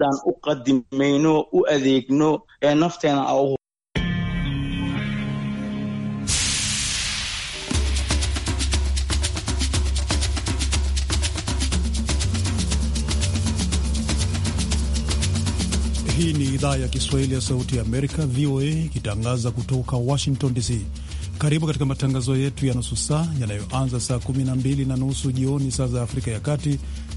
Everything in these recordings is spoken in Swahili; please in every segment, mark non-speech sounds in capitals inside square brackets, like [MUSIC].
daan u qadimayno u adeegno ee nafteena a Hii ni idhaa ya Kiswahili ya Sauti ya Amerika, VOA, ikitangaza kutoka Washington DC. Karibu katika matangazo yetu ya nusu saa yanayoanza saa 12 na nusu jioni saa za Afrika ya Kati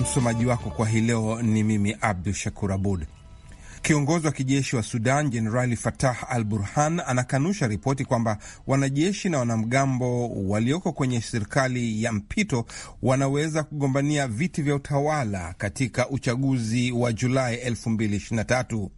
Msomaji wako kwa hii leo ni mimi Abdu Shakur Abud. Kiongozi wa kijeshi wa Sudan Jenerali Fatah Al Burhan anakanusha ripoti kwamba wanajeshi na wanamgambo walioko kwenye serikali ya mpito wanaweza kugombania viti vya utawala katika uchaguzi wa Julai 2023.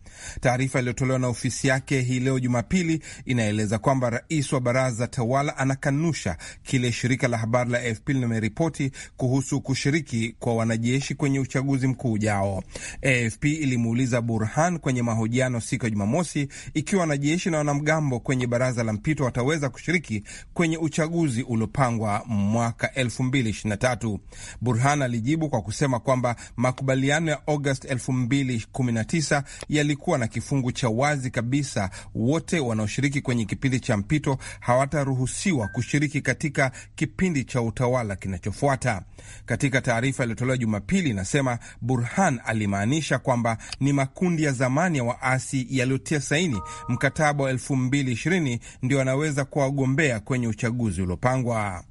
Taarifa iliyotolewa na ofisi yake hii leo Jumapili inaeleza kwamba rais wa baraza tawala anakanusha kile shirika la habari la AFP limeripoti kuhusu kushiriki kwa wanajeshi kwenye uchaguzi mkuu ujao. AFP ilimuuliza Burhan kwenye mahojiano siku ya Jumamosi ikiwa wanajeshi na wanamgambo kwenye baraza la mpito wataweza kushiriki kwenye uchaguzi uliopangwa mwaka 2023. Burhan alijibu kwa kusema kwamba makubaliano ya Agosti 2019 yali kuwa na kifungu cha wazi kabisa. Wote wanaoshiriki kwenye kipindi cha mpito hawataruhusiwa kushiriki katika kipindi cha utawala kinachofuata. Katika taarifa iliyotolewa Jumapili inasema Burhan alimaanisha kwamba ni makundi ya zamani ya waasi yaliyotia saini mkataba wa 2020 ndio anaweza wagombea kwenye uchaguzi uliopangwa.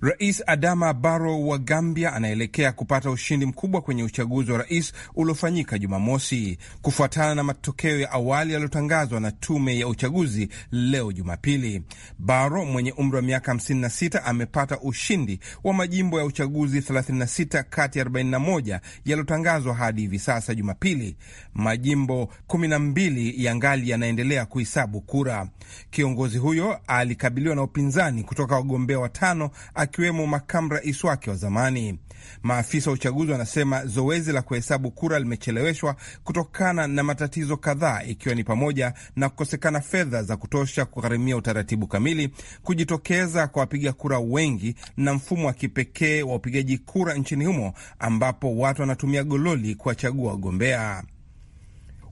Rais Adama Barrow wa Gambia anaelekea kupata ushindi mkubwa kwenye uchaguzi wa rais uliofanyika Jumamosi kufuatana na matokeo ya awali yaliyotangazwa na tume ya uchaguzi leo Jumapili. Barrow mwenye umri wa miaka 56 amepata ushindi wa majimbo ya uchaguzi 36 kati ya 41 yaliyotangazwa hadi hivi sasa Jumapili. Majimbo 12 ya ngali yanaendelea kuhesabu kura. Kiongozi huyo alikabiliwa na upinzani kutoka wagombea watano akiwemo makamu rais wake wa zamani. Maafisa wa uchaguzi wanasema zoezi la kuhesabu kura limecheleweshwa kutokana na matatizo kadhaa, ikiwa ni pamoja na kukosekana fedha za kutosha kugharimia utaratibu kamili, kujitokeza kwa wapiga kura wengi na mfumo wa kipekee wa upigaji kura nchini humo ambapo watu wanatumia gololi kuwachagua wagombea.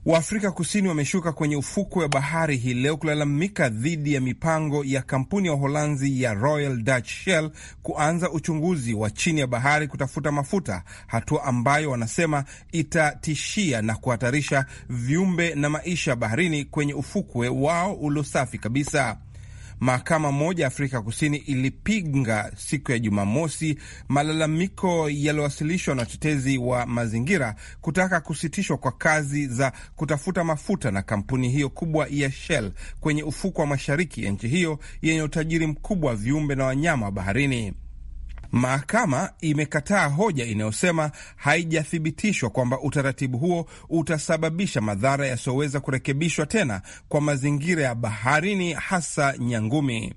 Waafrika Kusini wameshuka kwenye ufukwe wa bahari hii leo kulalamika dhidi ya mipango ya kampuni ya Uholanzi ya Royal Dutch Shell kuanza uchunguzi wa chini ya bahari kutafuta mafuta, hatua ambayo wanasema itatishia na kuhatarisha viumbe na maisha baharini kwenye ufukwe wao uliosafi kabisa. Mahakama moja ya Afrika Kusini ilipinga siku ya Jumamosi malalamiko yaliyowasilishwa na watetezi wa mazingira kutaka kusitishwa kwa kazi za kutafuta mafuta na kampuni hiyo kubwa ya Shell kwenye ufuko wa mashariki ya nchi hiyo yenye utajiri mkubwa wa viumbe na wanyama baharini. Mahakama imekataa hoja inayosema haijathibitishwa kwamba utaratibu huo utasababisha madhara yasiyoweza kurekebishwa tena kwa mazingira ya baharini, hasa nyangumi.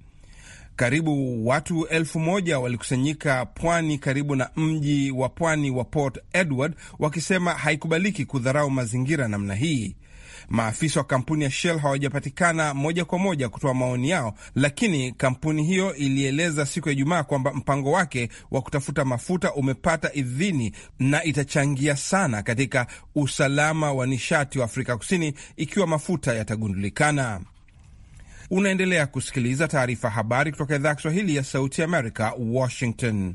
Karibu watu elfu moja walikusanyika pwani karibu na mji wa pwani wa Port Edward wakisema haikubaliki kudharau mazingira namna hii. Maafisa wa kampuni ya Shell hawajapatikana moja kwa moja kutoa maoni yao, lakini kampuni hiyo ilieleza siku ya Ijumaa kwamba mpango wake wa kutafuta mafuta umepata idhini na itachangia sana katika usalama wa nishati wa Afrika Kusini ikiwa mafuta yatagundulikana. Unaendelea kusikiliza taarifa habari kutoka idhaa ya Kiswahili ya Sauti Amerika, Washington.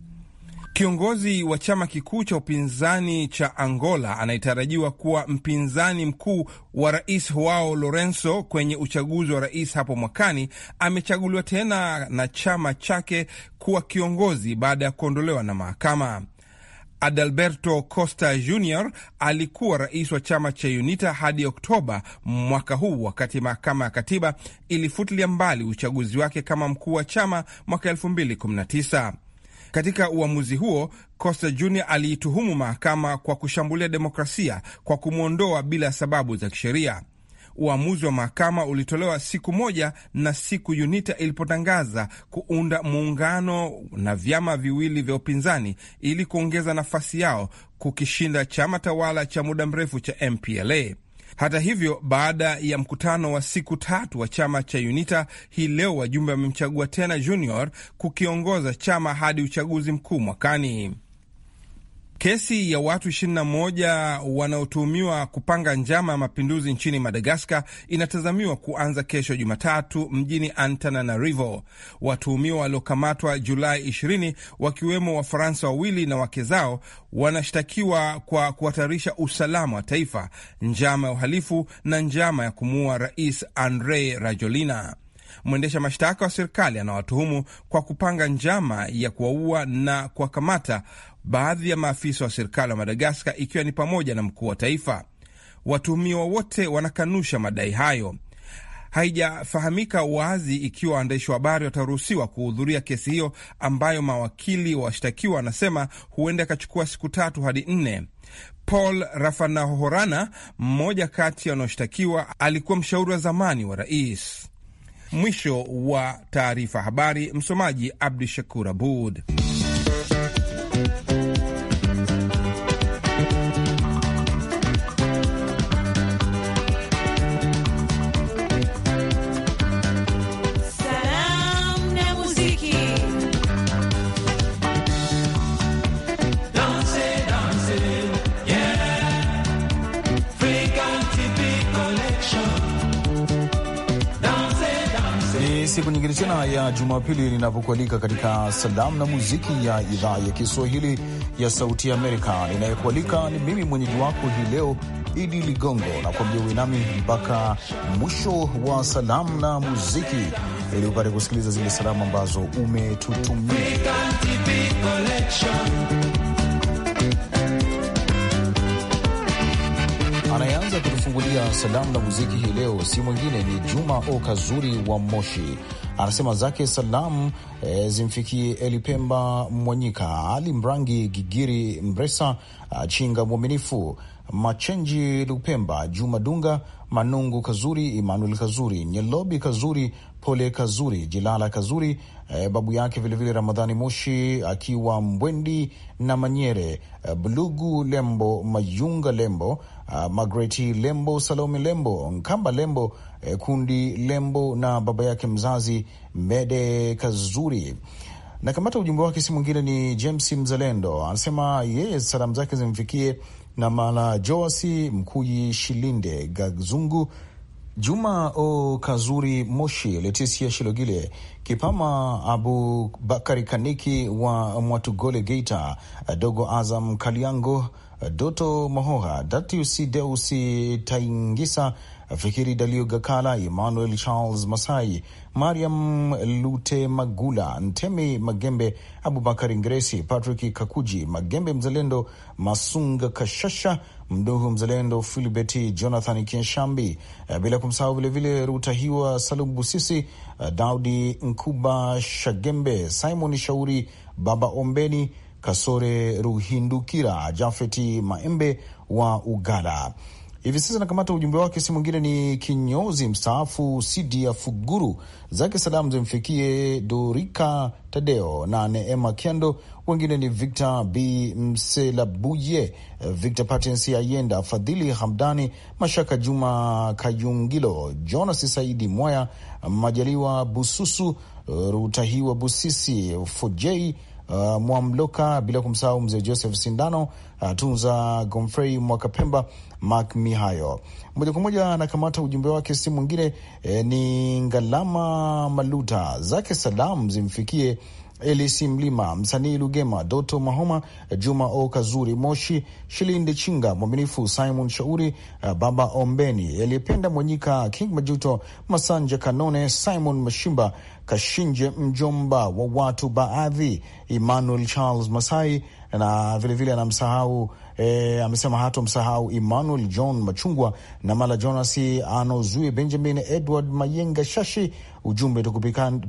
Kiongozi wa chama kikuu cha upinzani cha Angola anayetarajiwa kuwa mpinzani mkuu wa rais Joao Lorenzo kwenye uchaguzi wa rais hapo mwakani amechaguliwa tena na chama chake kuwa kiongozi baada ya kuondolewa na mahakama. Adalberto Costa Jr alikuwa rais wa chama cha UNITA hadi Oktoba mwaka huu, wakati mahakama ya katiba ilifutilia mbali uchaguzi wake kama mkuu wa chama mwaka 2019. Katika uamuzi huo Costa Junior aliituhumu mahakama kwa kushambulia demokrasia kwa kumwondoa bila sababu za kisheria. Uamuzi wa mahakama ulitolewa siku moja na siku UNITA ilipotangaza kuunda muungano na vyama viwili vya upinzani ili kuongeza nafasi yao kukishinda chama tawala cha muda mrefu cha MPLA. Hata hivyo, baada ya mkutano wa siku tatu wa chama cha UNITA hii leo, wajumbe wamemchagua tena Junior kukiongoza chama hadi uchaguzi mkuu mwakani. Kesi ya watu 21 wanaotuhumiwa kupanga njama ya mapinduzi nchini Madagaskar inatazamiwa kuanza kesho Jumatatu mjini Antananarivo. Watuhumiwa waliokamatwa Julai 20 wakiwemo Wafaransa wawili na wake zao wanashtakiwa kwa kuhatarisha usalama wa taifa, njama ya uhalifu na njama ya kumuua Rais andre rajolina Mwendesha mashtaka wa serikali anawatuhumu kwa kupanga njama ya kuwaua na kuwakamata baadhi ya maafisa wa serikali wa Madagaskar, ikiwa ni pamoja na mkuu wa taifa. Watuhumiwa wote wanakanusha madai hayo. Haijafahamika wazi ikiwa waandishi wa habari wataruhusiwa kuhudhuria kesi hiyo ambayo mawakili washtakiwa wanasema huenda ikachukua siku tatu hadi nne. Paul rafanahorana mmoja kati ya wanaoshtakiwa, alikuwa mshauri wa zamani wa rais. Mwisho wa taarifa habari. Msomaji Abdu Shakur Abud. kwenye gerezana ya Jumapili linapokualika katika salamu na muziki ya idhaa ya Kiswahili ya Sauti ya Amerika. Ninayekualika ni mimi mwenyeji wako hii leo Idi Ligongo, na kuambia uinami mpaka mwisho wa salamu na muziki ili upate kusikiliza zile salamu ambazo umetutumia. Anayeanza kutufungulia salamu na muziki hii leo si mwingine ni Juma o kazuri wa Moshi. Anasema zake salamu e, zimfikie Elipemba Mwanyika, Ali Mrangi, Gigiri Mbresa, Chinga Mwaminifu, Machenji Lupemba, Juma Dunga, Manungu Kazuri, Emmanuel Kazuri, Nyelobi Kazuri, Pole Kazuri, Jilala Kazuri, eh, babu yake vilevile Ramadhani Moshi akiwa Mbwendi na Manyere, eh, Blugu Lembo, Mayunga Lembo, eh, Magreti Lembo, Salome Lembo, Nkamba Lembo, eh, Kundi Lembo na baba yake mzazi Mede Kazuri na kamata ujumbe wake si mwingine ni James Mzalendo, anasema yeye salamu zake zimfikie na mala Joasi Mkuyi Shilinde Gazungu Juma O Kazuri Moshi, letisia Shilogile Kipama, Abu Bakari Kaniki wa Mwatugole Geita, Dogo Azam Kaliango, Doto Mahoha, Datiusi Deusi Taingisa Fikiri Dalio Gakala, Emmanuel Charles Masai, Mariam lute magula Ntemi Magembe, Abubakar Ingresi, Patrick Kakuji, Magembe Mzalendo, Masunga Kashasha, Mduhu Mzalendo, Filibet Jonathan Kenshambi, eh, bila kumsahau vilevile Rutahiwa Salum Busisi, eh, Daudi Nkuba Shagembe, Simon Shauri, Baba Ombeni, Kasore Ruhindukira, Jafeti Maembe wa Ugala hivi sasa nakamata ujumbe wake, si mwingine ni kinyozi mstaafu Sidia Fuguru, zake salamu zimfikie Dorika Tadeo na Neema Kendo, wengine ni Victor B Mselabuye, Victor Patensi Ayenda, Fadhili Hamdani, Mashaka Juma Kayungilo, Jonas Saidi mwaya Majaliwa Bususu, Rutahiwa Busisi, Fojei uh, Mwamloka, bila kumsahau mzee Joseph Sindano, uh, Tunza Gomfrey Mwakapemba, Mak Mihayo. Moja kwa moja anakamata ujumbe wake, si mwingine eh, ni Ngalama Maluta, zake salam zimfikie Elisi Mlima, msanii Lugema, Doto Mahoma, Juma O Kazuri, Moshi Shilinde, Chinga Mwaminifu, Simon Shauri, eh, Baba Ombeni, Aliyependa mwenyika King Majuto, Masanja Kanone, Simon Mashimba, Kashinje mjomba wa watu baadhi, Emmanuel Charles Masai na vilevile anamsahau e, amesema hata msahau Emmanuel John Machungwa na Mala Jonas Anozue Benjamin Edward Mayenga Shashi ujumbe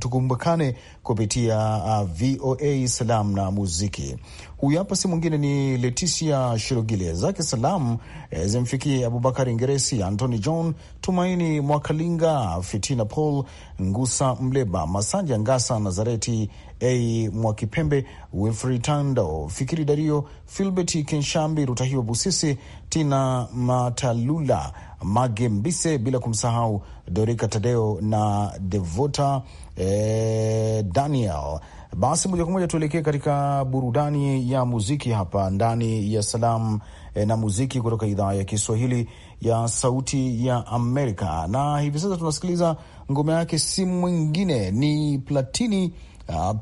tukumbukane kupitia uh, VOA salam na muziki. Huyu hapa si mwingine ni Leticia Shirogile, zake salam e, zimfikie Abubakari Ngeresi, Antony John, Tumaini Mwakalinga, Fitina Paul Ngusa, Mleba Masanja Ngasa, Nazareti A Mwakipembe, Wilfrey Tando, Fikiri Dario, Filbert Kenshambi, Rutahiwa Busisi, Tina Matalula, Mage Mbise, bila kumsahau Dorika Tadeo na Devota eh, Daniel. Basi moja kwa moja tuelekee katika burudani ya muziki hapa ndani ya Salam eh, na Muziki kutoka idhaa ya Kiswahili ya Sauti ya Amerika, na hivi sasa tunasikiliza ngoma yake, si mwingine ni Platini Ah,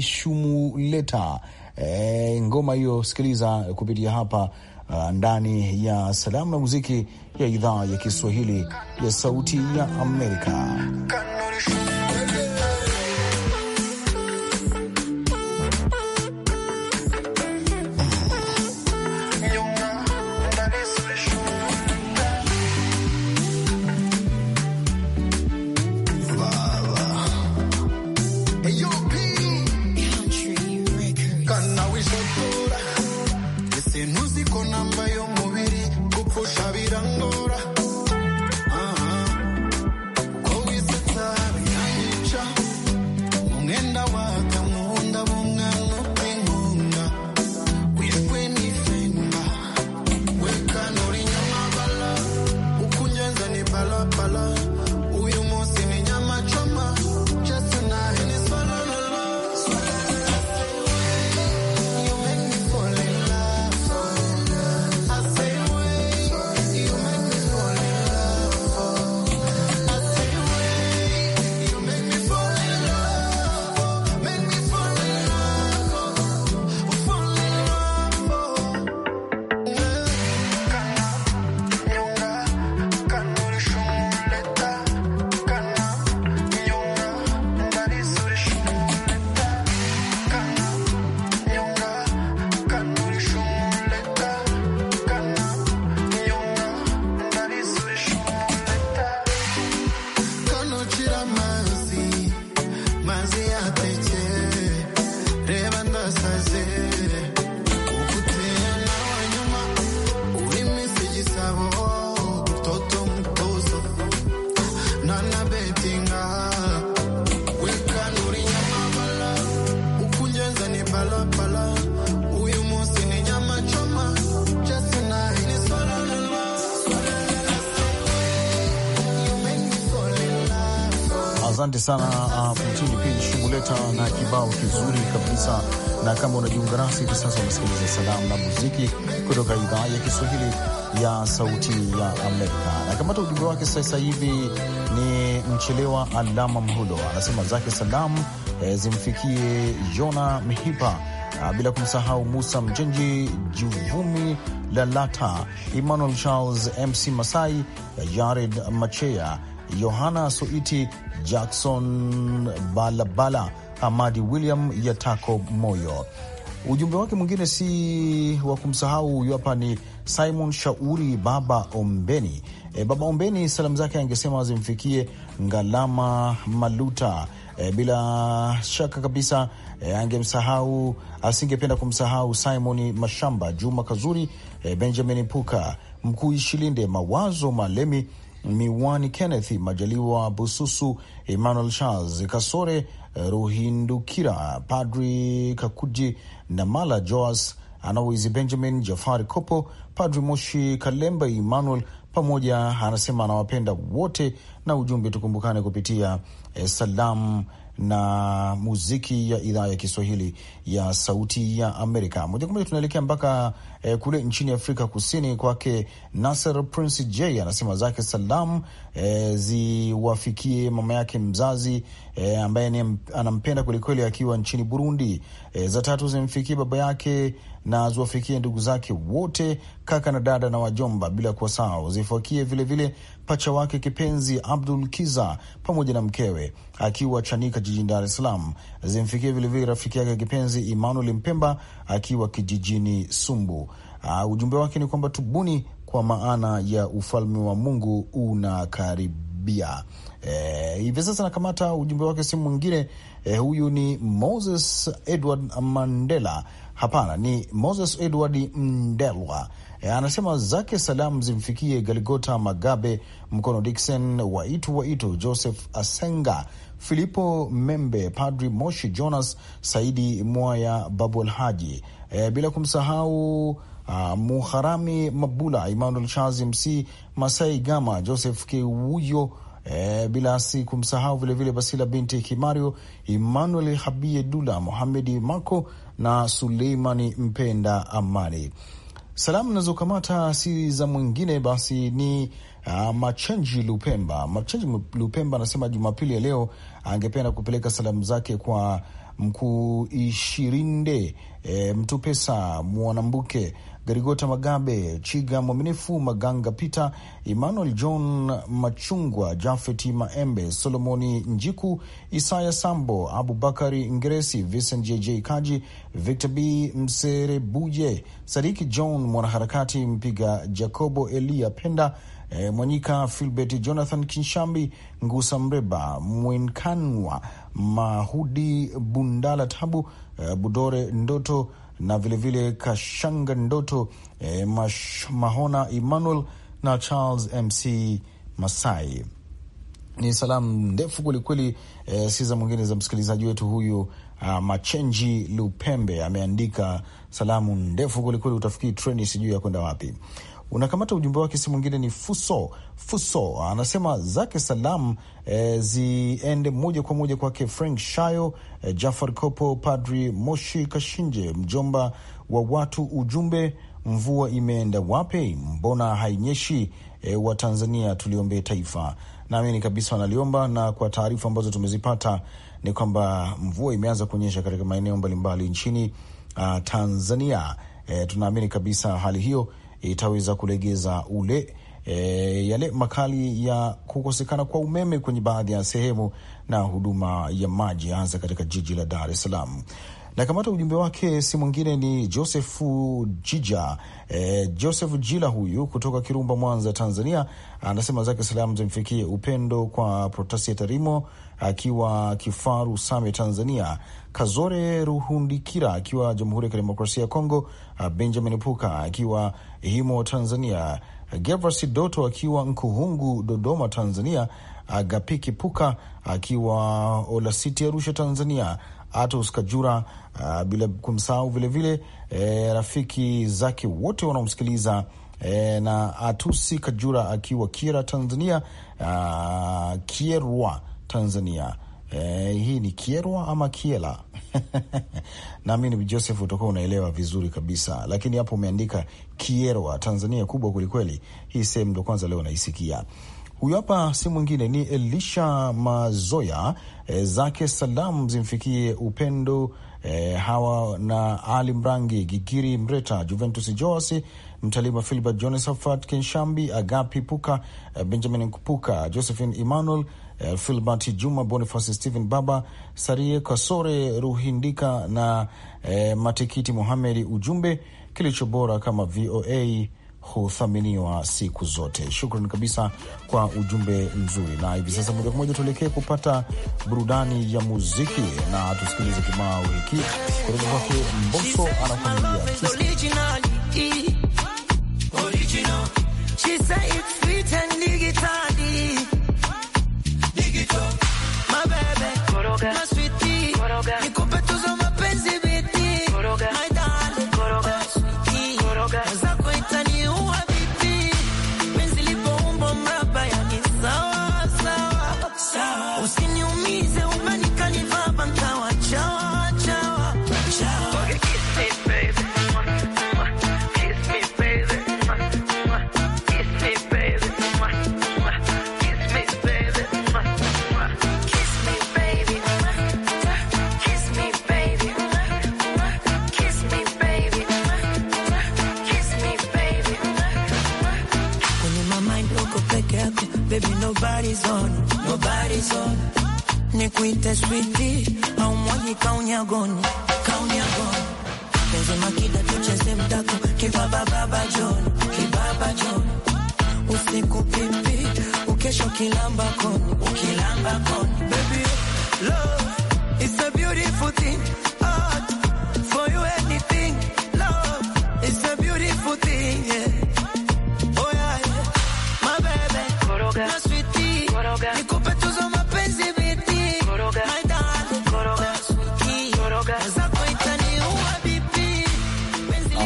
shumuleta E, ngoma hiyo sikiliza kupitia hapa Uh, ndani ya salamu na muziki ya idhaa ya Kiswahili ya Sauti ya Amerika. Asante sana uh, mtindi pili Shunguleta na kibao kizuri kabisa. Na kama unajiunga nasi hivi sasa, unasikiliza salamu na muziki kutoka idhaa ya Kiswahili ya Sauti ya Amerika. Na kamata ujumbe wake sasa hivi ni Mchelewa Alama Mhulo, anasema zake salamu e, zimfikie Jona Mhipa, ah, bila kumsahau Musa Mjenji, Juvumi Lalata, Emmanuel Charles, MC Masai, Jared Machea Yohana Soiti, Jackson Balabala, Hamadi William Yatako Moyo. Ujumbe wake mwingine si wa kumsahau, huyu hapa ni Simon Shauri Baba Ombeni. E, Baba Ombeni salamu zake angesema zimfikie Ngalama Maluta. E, bila shaka kabisa e, angemsahau asingependa kumsahau simon Mashamba, Juma Kazuri, e, Benjamin Puka, Mkuu Ishilinde, Mawazo Malemi Miwani Kenneth Majaliwa Bususu, Emmanuel Charles Kasore Ruhindukira, Padri Kakuji namala Joas Anawizi, Benjamin Jafari Kopo, Padri Moshi Kalemba Emmanuel pamoja, anasema anawapenda wote na ujumbe tukumbukane kupitia eh, salamu na muziki ya idhaa ya Kiswahili ya Sauti ya Amerika. Moja kwa moja tunaelekea mpaka eh, kule nchini Afrika Kusini, kwake Nasser Prince J anasema zake salam eh, ziwafikie mama yake mzazi eh, ambaye anampenda kwelikweli akiwa nchini Burundi. Eh, za tatu zimfikie baba yake na ziwafikie ndugu zake wote, kaka na dada na wajomba, bila kuwasahau zifuakie vilevile pacha wake kipenzi Abdul Kiza pamoja na mkewe akiwa Chanika jijini Dar es Salaam. Zimfikie vilevile rafiki yake kipenzi Emmanuel Mpemba akiwa kijijini Sumbu. Uh, ujumbe wake ni kwamba tubuni, kwa maana ya ufalme wa Mungu unakaribia. Eh, hivi sasa nakamata ujumbe wake sehemu mwingine. Eh, huyu ni Moses Edward Mandela. Hapana, ni Moses Edward Mndelwa E, anasema zake salamu zimfikie Galigota Magabe, Mkono Dikson, Waitu Waitu, Joseph Asenga, Filipo Membe, Padri Moshi Jonas, Saidi Mwaya, Babul Haji, e, bila kumsahau Uh, Muharami Mabula, Emmanuel Charles MC, Masai Gama, Joseph Kewuyo, eh, bila si kumsahau vilevile Basila binti Kimario, Emmanuel Habie Dula, Muhamedi Mako na Suleimani Mpenda Amani. Salamu nazokamata si za mwingine basi ni uh, Machenji Lupemba. Machenji Lupemba anasema Jumapili ya leo angependa kupeleka salamu zake kwa mkuu Ishirinde e, eh, pesa Mwanambuke Garigota Magabe, Chiga Mwaminifu, Maganga Peter, Emmanuel John Machungwa, Jafeti Maembe, Solomoni Njiku, Isaya Sambo, Abubakari Ngeresi, Vincent JJ Kaji, Victor B Mserebuje, Sadiki John mwanaharakati Mpiga, Jacobo Elia Penda, E, Mwanyika Filbert Jonathan Kinshambi Ngusa Mreba Mwenkanwa Mahudi Bundala Tabu e, Budore Ndoto na vilevile vile Kashanga Ndoto eh, Mash, Mahona Emmanuel na Charles Mc Masai. Ni salamu ndefu kwelikweli, eh, si za mwingine za msikilizaji wetu huyu ah, Machenji Lupembe ameandika salamu ndefu kwelikweli, utafikiri treni sijui ya kwenda wapi unakamata ujumbe wake. Si mwingine ni Fuso Fuso, anasema zake salam e, eh, ziende moja kwa moja kwake Frank Shayo, e, Jafar Kopo, Padri Moshi Kashinje, mjomba wa watu. Ujumbe mvua imeenda wapi? Mbona hainyeshi? E, wa Tanzania tuliombee taifa. Naamini kabisa wanaliomba, na kwa taarifa ambazo tumezipata ni kwamba mvua imeanza kuonyesha katika maeneo mbalimbali nchini uh, Tanzania. E, tunaamini kabisa hali hiyo itaweza kulegeza ule e, yale makali ya kukosekana kwa umeme kwenye baadhi ya sehemu na huduma ya maji hasa katika jiji la Dar es Salaam. Na kamata ujumbe wake si mwingine ni Josefu Jija e, Joseph Jila huyu kutoka Kirumba, Mwanza, Tanzania, anasema zake salamu zimfikie Upendo kwa Protasia Tarimo akiwa Kifaru Same Tanzania, Kazore Ruhundikira akiwa Jamhuri ya Kidemokrasia ya Kongo, uh, Benjamin Puka akiwa Himo Tanzania, uh, Gervas Doto akiwa Nkuhungu Dodoma Tanzania, Agapiki uh, Puka akiwa Olasiti Arusha Tanzania, Atos Kajura uh, bila kumsahau vilevile e, eh, rafiki zake wote wanaomsikiliza e, na Atusi Kajura akiwa Kira Tanzania, uh, Kierwa Tanzania. E, hii ni Kierwa ama Kiela? [LAUGHS] Naamini Joseph utakuwa unaelewa vizuri kabisa, lakini hapo umeandika Kierwa, Tanzania kubwa kwelikweli. Hii sehemu ndo kwanza leo naisikia. Huyu hapa si mwingine ni Elisha Mazoya. E, zake salam zimfikie Upendo e, Hawa na Ali Mrangi, Gigiri Mreta, Juventus Joas Mtalima Filbert Jonesafat Kenshambi, Agapi Puka, eh, Benjamin Puka, Josephine Emmanuel, Filbert eh, Juma, Boniface Stephen Baba, Sarie Kasore Ruhindika na eh, Matikiti Muhamedi. Ujumbe kilicho bora kama VOA huthaminiwa siku zote. Shukran kabisa kwa ujumbe mzuri, na hivi sasa moja kwa moja tuelekee kupata burudani ya muziki na tusikilize kibao hiki kutoka kwake Mboso anakuambia say it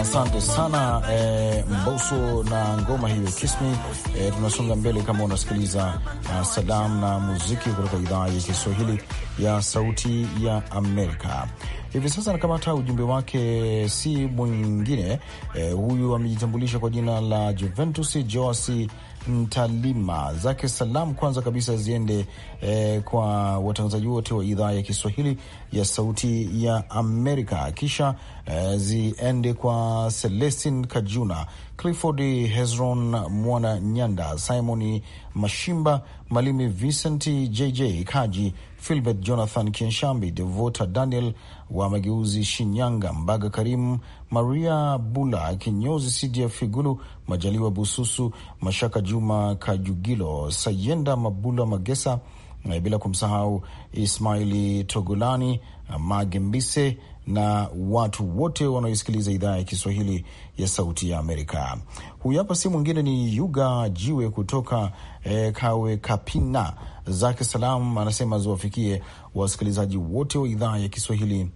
Asante sana eh, Mboso na ngoma hiyo kismi. Eh, tunasonga mbele kama unasikiliza uh, salamu na muziki kutoka idhaa ya Kiswahili ya Sauti ya Amerika. Hivi sasa anakamata ujumbe wake, si mwingine eh, huyu amejitambulisha kwa jina la Juventus Joasi Mtalima zake salam kwanza kabisa ziende eh, kwa watangazaji wote wa idhaa ya Kiswahili ya Sauti ya Amerika, kisha eh, ziende kwa Celestin Kajuna, Clifford Hezron, Mwana Nyanda, Simoni Mashimba, Malimi Vincent, JJ Kaji, Filbert Jonathan Kinshambi, Devota Daniel wa mageuzi Shinyanga, Mbaga Karimu, Maria Bula, kinyozi Sidia Figulu, Majaliwa Bususu, Mashaka Juma Kajugilo, Sayenda Mabula Magesa, bila kumsahau Ismaili Togolani, Magembise na watu wote wanaoisikiliza idhaa ya Kiswahili ya Sauti ya Amerika. Huyu hapa si mwingine ni Yuga Jiwe kutoka eh, Kawe Kapina zake salam, anasema ziwafikie wasikilizaji wote wa idhaa ya Kiswahili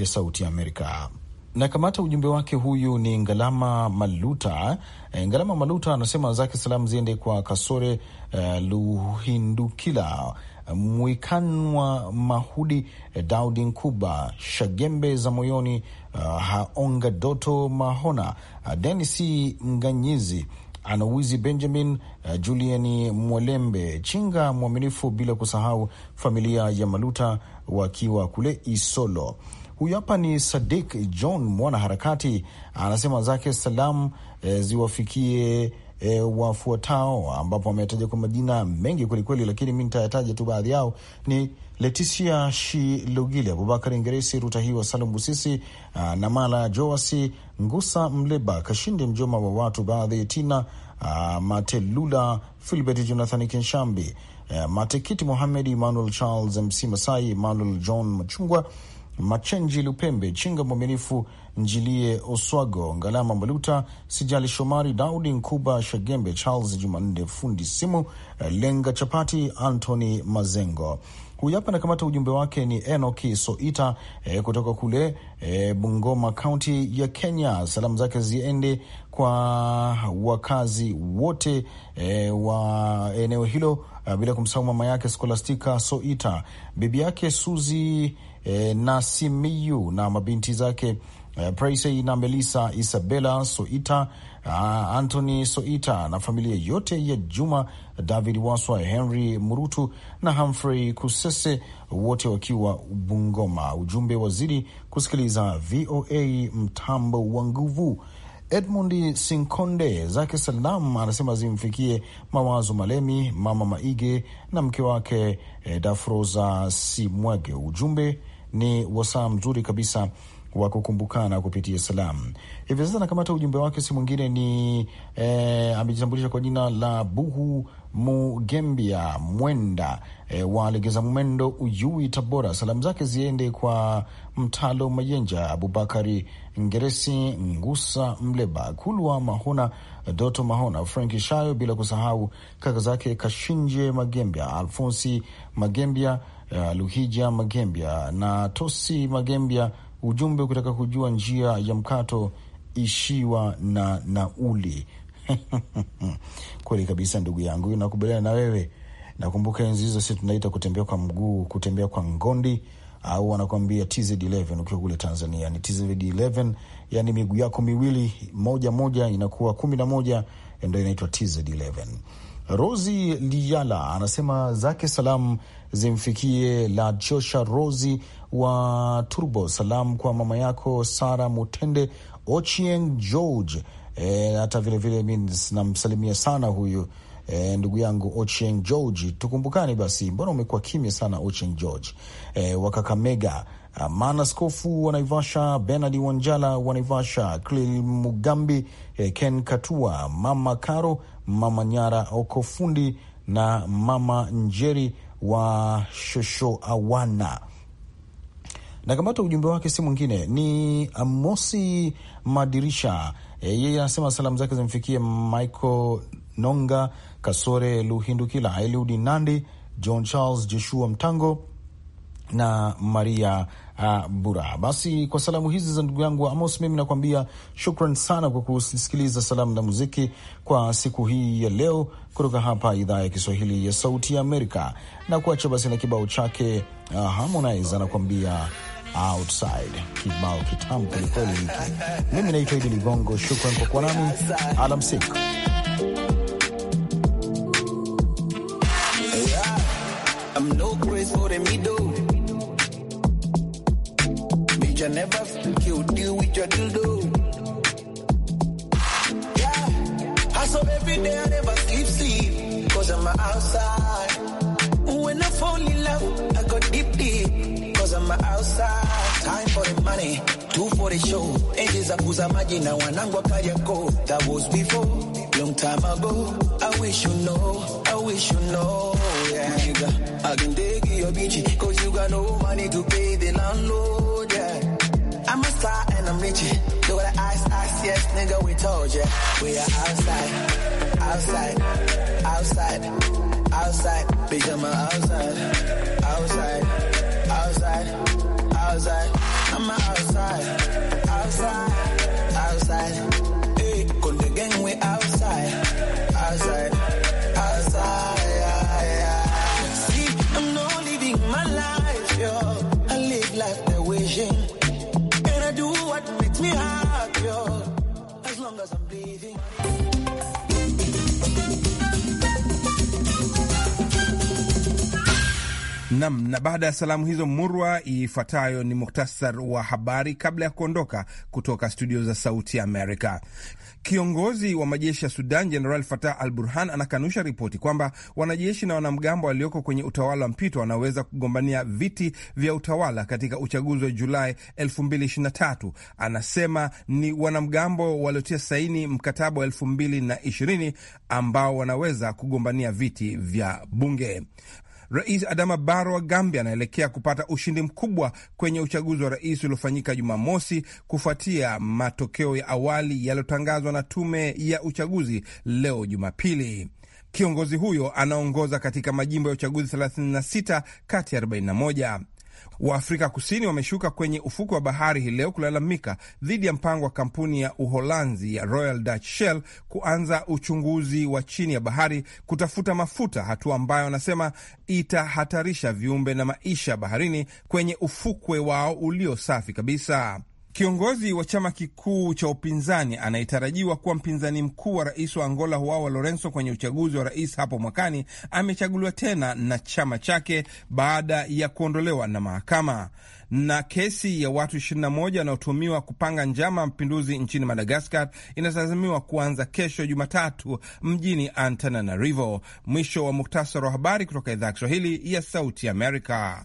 ya Sauti ya Amerika. Na kamata ujumbe wake, huyu ni Ngalama Maluta. Eh, Ngalama Maluta anasema zake salamu ziende kwa Kasore uh, Luhindukila Mwikanwa Mahudi, eh, Daudi Nkuba, Shagembe za Moyoni, uh, Haonga Doto Mahona, uh, Denis Mganyizi, Anawizi Benjamin, uh, Juliani Mwalembe Chinga Mwaminifu, bila kusahau familia ya Maluta wakiwa kule Isolo. Huyu hapa ni Sadik John, mwanaharakati anasema zake salam e, eh, ziwafikie E, wafuatao ambapo ametaja kwa majina mengi kwelikweli, lakini mi nitayataja tu baadhi yao ni Leticia Shilogile, Abubakar Ngeresi, Rutahiwa Salum Busisi, uh, ah, Namala Joasi, Ngusa Mleba, Kashinde mjoma wa watu baadhi, Tina uh, Matelula, Filbert Jonathan Kenshambi, uh, Matekiti Muhamed, Emmanuel Charles Msi Masai, Emmanuel John Machungwa Machenji Lupembe, Chinga Mwaminifu, Njilie Oswago, Ngalama Maluta, Sijali Shomari, Daudi Nkuba, Shagembe Charles, Jumanne Fundi Simu, Lenga Chapati, Antony Mazengo. Huyu hapa anakamata ujumbe wake ni Enoki Soita e, kutoka kule e, Bungoma kaunti ya Kenya. Salamu zake ziende kwa wakazi wote e, wa eneo hilo, e, bila kumsahau mama yake Skolastika Soita, bibi yake Suzi e, na simiu na mabinti zake e, Praise na Melissa Isabella Soita Uh, Anthony Soita na familia yote ya Juma David Waswa, Henry Murutu na Humphrey Kusese, wote wakiwa Bungoma. Ujumbe wazidi kusikiliza VOA mtambo wa nguvu. Edmund Sinkonde zake salam anasema zimfikie Mawazo Malemi, mama Maige na mke wake e, Dafroza Simwage. Ujumbe ni wasaa mzuri kabisa wa kukumbukana kupitia salamu. Hivi sasa nakamata ujumbe wake, si mwingine ni eh, amejitambulisha kwa jina la Buhu Mugembia Mwenda eh, wa Legeza Mwendo, Uyui, Tabora. Salamu zake ziende kwa Mtalo Mayenja, Abubakari Ngeresi, Ngusa Mleba, Kulwa Mahona, Doto Mahona, frank Shayo, bila kusahau kaka zake Kashinje Magembia, Alfonsi Magembia uh, Luhija Magembya na Tosi Magembya, ujumbe kutaka kujua njia ya mkato ishiwa na nauli. [LAUGHS] Kweli kabisa, ndugu yangu, nakubaliana na wewe. Nakumbuka enzi hizo si tunaita kutembea kwa mguu, kutembea kwa ngondi au wanakuambia TZ11 ukiwa kule Tanzania ni TZ11, yani miguu yako miwili moja moja inakuwa kumi na moja, ndo inaitwa TZ11. Rosi Liala anasema zake salamu zimfikie la Josha Rosi wa Turbo. Salamu kwa mama yako Sara Mutende, Ochieng George. E, hata vilevile mi namsalimia sana huyu E, ndugu yangu Ochieng George, tukumbukani basi. Mbona umekuwa kimya sana Ochieng George? E, Wakakamega maana skofu wa Naivasha Benard Wanjala wa Naivasha, Klil Mugambi, e, Ken Katua, mama Karo, mama Nyara Okofundi na mama Njeri wa Shoshoawana na ujumbe wake si mwingine ni Amosi uh, Madirisha. Eh, yeye anasema salamu zake zimfikie Michael Nonga, Kasore Luhindukila, Eliudi Nandi, John Charles, Joshua Mtango na Maria uh, Bura. Basi kwa salamu hizi za ndugu yangu Amos, mimi nakuambia shukran sana kwa kusikiliza salamu na muziki kwa siku hii ya leo kutoka hapa idhaa ya Kiswahili ya Sauti ya Amerika, na kuacha basi na kibao chake uh, Harmonize anakuambia outside kibao kitamu kwelikweli hiki. Mimi naitwa Idi Ligongo, shukran kwa kuwa nami, alamsik. i outside. When I fall in love, I go deep deep. Cause I'm outside. Time for the money. Two for the show. Enzi za kuza maji na wanangu wakari yako. That was before. Long time ago. I wish you know. I wish you know. Yeah. Nigga, I can take your bitch. Cause you got no money to pay the landlord. Yeah. I'm a star and I'm rich ass, yes, nigga, we told ya. We are outside, outside, outside, outside. Bitch, I'm outside, outside, outside, outside. I'm outside, outside, outside. Hey, con the gang, we outside, outside, outside. See, I'm not living my life, yo. I live life that wishing, and I do what makes me long as I'm breathing. Nam, na baada ya salamu hizo murwa, ifuatayo ni muktasar wa habari kabla ya kuondoka kutoka studio za Sauti ya Amerika. Kiongozi wa majeshi ya Sudan Jeneral Fatah Al Burhan anakanusha ripoti kwamba wanajeshi na wanamgambo walioko kwenye utawala wa mpito wanaweza kugombania viti vya utawala katika uchaguzi wa Julai 2023. Anasema ni wanamgambo waliotia saini mkataba wa 2020 ambao wanaweza kugombania viti vya bunge. Rais Adama Barrow wa Gambia anaelekea kupata ushindi mkubwa kwenye uchaguzi wa rais uliofanyika Jumamosi kufuatia matokeo ya awali yaliyotangazwa na tume ya uchaguzi leo Jumapili. Kiongozi huyo anaongoza katika majimbo ya uchaguzi 36 kati ya 41. Waafrika Kusini wameshuka kwenye ufukwe wa bahari hii leo kulalamika dhidi ya mpango wa kampuni ya Uholanzi ya Royal Dutch Shell kuanza uchunguzi wa chini ya bahari kutafuta mafuta, hatua ambayo wanasema itahatarisha viumbe na maisha baharini kwenye ufukwe wao ulio safi kabisa. Kiongozi wa chama kikuu cha upinzani anayetarajiwa kuwa mpinzani mkuu wa rais wa Angola huawa Lorenzo kwenye uchaguzi wa rais hapo mwakani amechaguliwa tena na chama chake baada ya kuondolewa na mahakama. Na kesi ya watu 21 wanaotumiwa kupanga njama mapinduzi nchini Madagaskar inatazamiwa kuanza kesho Jumatatu mjini Antananarivo. Mwisho wa muktasari wa habari kutoka idhaa ya Kiswahili ya Sauti Amerika.